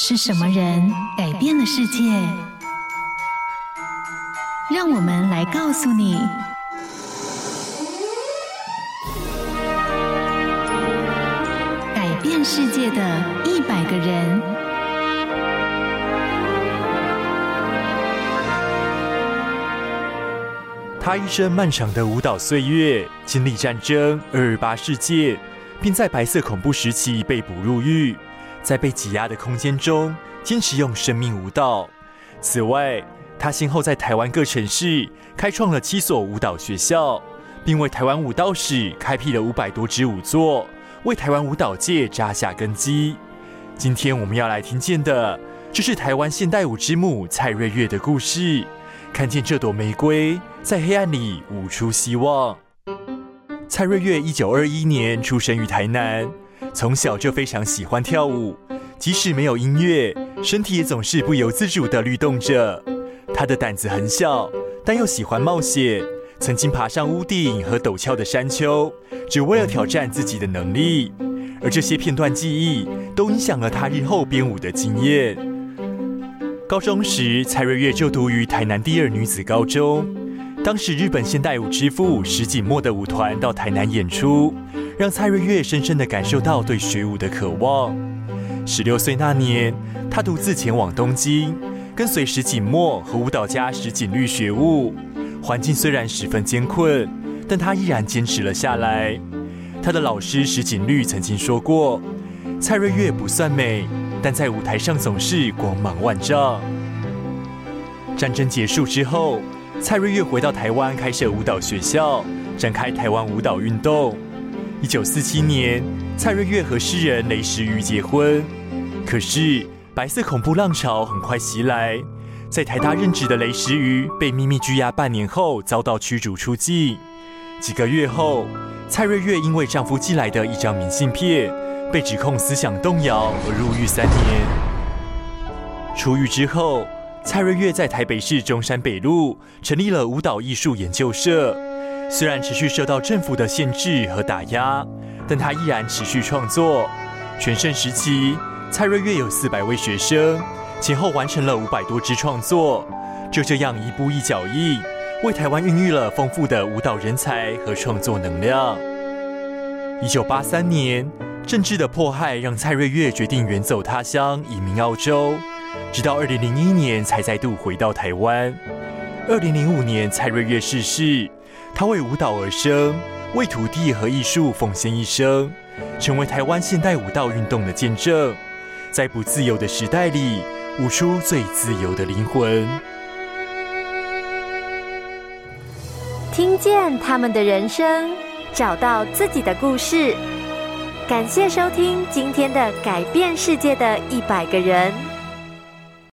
是什麼人改變了世界？讓我們來告訴你：改變世界的一百個人。他一生漫長的舞蹈歲月，經歷戰爭、二二八事件，並在白色恐怖時期被捕入獄。在被擠壓的空間中，堅持用生命舞蹈。此外，他先後在台灣各城市開創了七所舞蹈學校，並為台灣舞蹈史開闢了五百多支舞作，為台灣舞蹈界扎下根基。今天我們要來聽見的，就是台灣現代舞之母蔡瑞月的故事，看見這朵玫瑰在黑暗裡舞出希望。蔡瑞月一九二一年出生於台南。從小就非常喜歡跳舞，即使沒有音樂，身體也總是不由自主的律動着。他的膽子很小，但又喜歡冒險，曾經爬上屋頂和陡峭的山丘，只為了挑戰自己的能力。而這些片段記憶，都影響了他日後編舞的經驗。高中時，蔡瑞月就讀於台南第二女子高中，當時日本現代舞之父石井漠的舞團到台南演出。讓蔡瑞月深深地感受到對學舞的渴望。十六歲那年，她獨自前往東京，跟隨石井漠和舞蹈家石井綠學舞。環境雖然十分艱困，但她依然堅持了下來。她的老師石井綠曾經說過：“蔡瑞月不算美，但在舞台上總是光芒萬丈。”戰爭結束之後，蔡瑞月回到台灣，開設舞蹈學校，展開台灣舞蹈運動。一九四七年，蔡瑞月和詩人雷石瑜結婚。可是，白色恐怖浪潮很快襲來，在台大任職的雷石瑜被秘密拘押半年後，遭到驅逐出境。幾個月後，蔡瑞月因為丈夫寄來的一張明信片，被指控思想動搖而入獄三年。出獄之後，蔡瑞月在台北市中山北路成立了舞蹈藝術研究社。雖然持續受到政府的限制和打壓，但他依然持續創作。全盛時期，蔡瑞月有四百位學生，前後完成了五百多支創作。就這樣，一步一腳印，為台灣孕育了豐富的舞蹈人才和創作能量。一九八三年，政治的迫害讓蔡瑞月決定遠走他鄉，移民澳洲，直到二零零一年才再度回到台灣。二零零五年，蔡瑞月逝世。她為舞蹈而生，為土地和藝術奉獻一生，成為台灣現代舞蹈運動的見證。在不自由的時代裡，舞出最自由的靈魂。聽見他們的人生，找到自己的故事。感謝收聽今天的《改變世界的一百個人》。